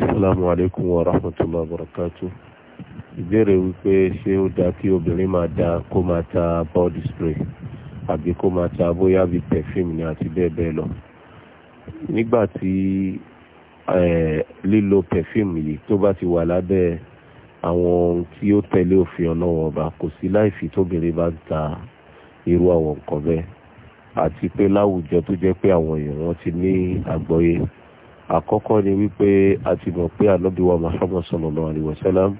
Assalamu alaikum wa rahmatullahi wa barakatuh. Ìbéèrè wípé ṣé ó dáa kí obìnrin máa da kó máa ta body spray àbí kó máa ta bóyá bíi perfume ni àti bẹ́ẹ̀ bẹ́ẹ̀ lọ. Nígbà tí lílo perfume yìí tó bá ti wà lábẹ́ àwọn ohun tí ó tẹ̀lé òfin ọlọ́wọ́ ọba kò sí láìfi tóbìnrin bá ń ta irú àwọn nǹkan bẹ́ẹ̀ àti pé láwùjọ tó jẹ́ pé àwọn èèyàn wọn ti ní àgbọ́yé àkọ́kọ́ ni wípé a ti mọ̀ pé ànábì wa Muhammad sallallahu alaihi wasallam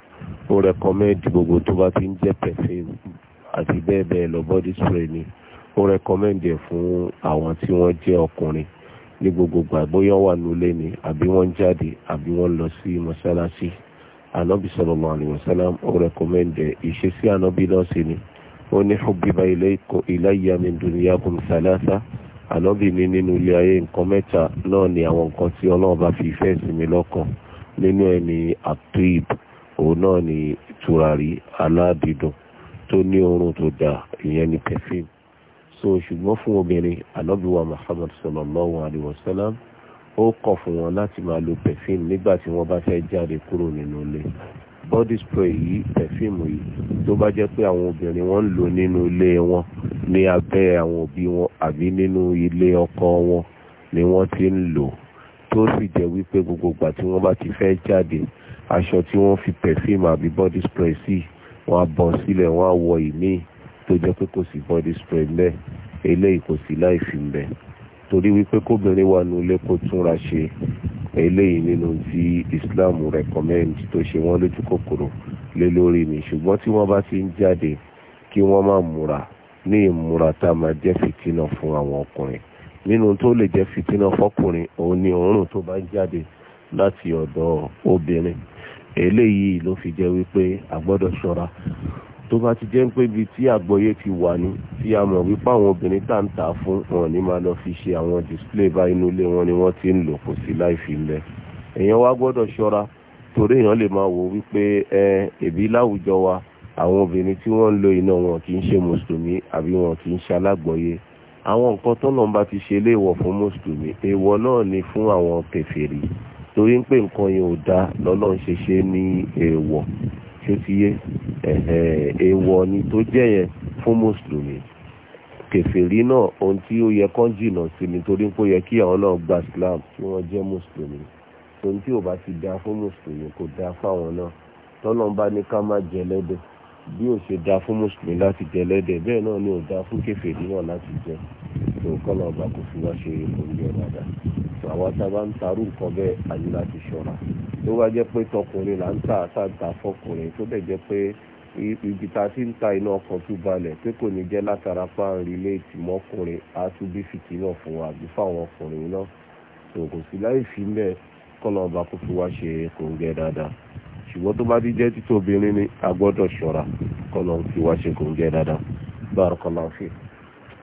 ó rẹkọmẹ́ndì gbogbo tó bá ti ń jẹ́ pẹ̀fẹ́mù àti bẹ́ẹ̀ bẹ́ẹ̀ lọ body spray ni ó rẹkọmẹ́ndì ẹ̀ fún àwọn tí wọ́n jẹ́ ọkùnrin ní gbogbo gbà wà nulẹ̀ ni àbí wọ́n jáde àbí wọ́n lọ sí mọ́sálásí ànábì sallallahu alaihi wasallam ó rẹkọmẹ́ndì ìṣesí ànábì náà ànábì mi nínú ilé ayé nǹkan mẹ́ta náà ni àwọn nǹkan tí ọlọ́run bá fi ìfẹ́ sí mi lọ́kàn nínú ẹ̀ ní atib òun náà ni tùràrí aládìídùn tó ní oorun tó dáa ìyẹn ni perfume so ṣùgbọ́n fún obìnrin ànábì wa muhammad sallallahu alayhi wa sallam ó kọ̀ fún wọn láti máa lo perfume nígbà tí wọ́n bá fẹ́ jáde kúrò nínú ilé body spray yìí perfume yìí tó bá jẹ́ pé àwọn obìnrin wọn ń lò nínú ilé wọn ní abẹ́ àwọn òbí wọn àbí nínú ilé ọkọ wọn ni wọ́n ti ń lò tó sì jẹ́ wípé gbogbo ìgbà tí wọ́n bá ti fẹ́ jáde aṣọ tí wọ́n fi perfume àbí body spray sí wọ́n á bọ́ sílẹ̀ wọ́n á wọ ìmí tó jẹ́ pé kò sí body spray ńbẹ̀ eléyìí kò sí láì fi ńbẹ̀ torí wípé kóbìnrin wà nulẹ̀ kó túnra ṣe eléyìí nínú tí Islam recommend tó ṣe wọ́n lójú kòkòrò lé lórí ni ṣùgbọ́n tí wọ́n bá ti ń jáde kí wọ́n má múra ní ìmúra tá a máa jẹ́ fìtínà fún àwọn ọkùnrin nínú tó lè jẹ́ fìtínà fọkùnrin òun ni òórùn tó bá ń jáde láti ọ̀dọ̀ obìnrin eléyìí ló fi jẹ́ wípé a gbọ́dọ̀ ṣọ́ra tó bá ti jẹ́ pé ibi tí àgbọ̀yé ti wà ní tí a mọ̀ wípé àwọn obìnrin tá ń tà fún wọn ní máa lọ fi ṣe àwọn display bá inú ilé wọn ni wọ́n ti ń lò kò sí láì fi lẹ̀ èèyàn wá gbọ́dọ̀ ṣọ́ra torí èèyàn lè máa wò wípé ẹ ẹbí láwùjọ wa àwọn obìnrin tí wọ́n ń lo iná wọn kì í ṣe mùsùlùmí àbí wọn kì í ṣe alágbọ̀yé àwọn nǹkan tọ́lọ́n bá ti ṣe léèwọ̀ fún mùsùlùmí èèwọ̀ náà ni fún àwọn kèfèrí torí pé nǹkan yẹn ò dáa lọ́lọ́run ṣe ṣe ní èèwọ̀ tí ti yé èèwọ̀ ni tó jẹ́ yẹn fún mùsùlùmí kèfèrí náà ohun tí ó yẹ kán jìnnà sí ni torí pé ó yẹ kí àwọn náà gba Islam kí wọ́n jẹ́ mùsùlùmí ohun tí ò bá ti dáa fún mùsùlùmí kò dáa fáwọn náà tọ́lọ́n bá ní ká má jẹ lẹ́dẹ̀ bí ó ṣe dáa fún mùsùlùmí láti jẹ lẹ́dẹ̀ bẹ́ẹ̀ náà ni ò dáa fún kèfèrí náà láti jẹ nǹkan náà bá kò fi wá ṣe oúnjẹ dáadáa àwọn tá a bá ń tarú nǹkan bẹ́ẹ̀ àyè láti ṣọ́ra tó wá jẹ́ pé tọkùnrin là ń t'a àtàǹtà fọkùnrin tó dẹ̀ jẹ́ pé ibi tá a ti ń ta iná ọkàn tún balẹ̀ pé kò ní jẹ́ látara pa ń relate mọ́kùnrin á tún bí fìtì náà fún wa àbí fáwọn ọkùnrin náà tó kò sí láì fi mẹ́ kọ́nà ọba kó fi wá ṣe kòǹgẹ́ dáadáa ṣùgbọ́n tó bá ti jẹ́ títí obìnrin ni a gbọ́dọ̀ ṣọ́ra kọ́nà fi wá ṣe kòǹgẹ́ dáadáa barakallahu fi.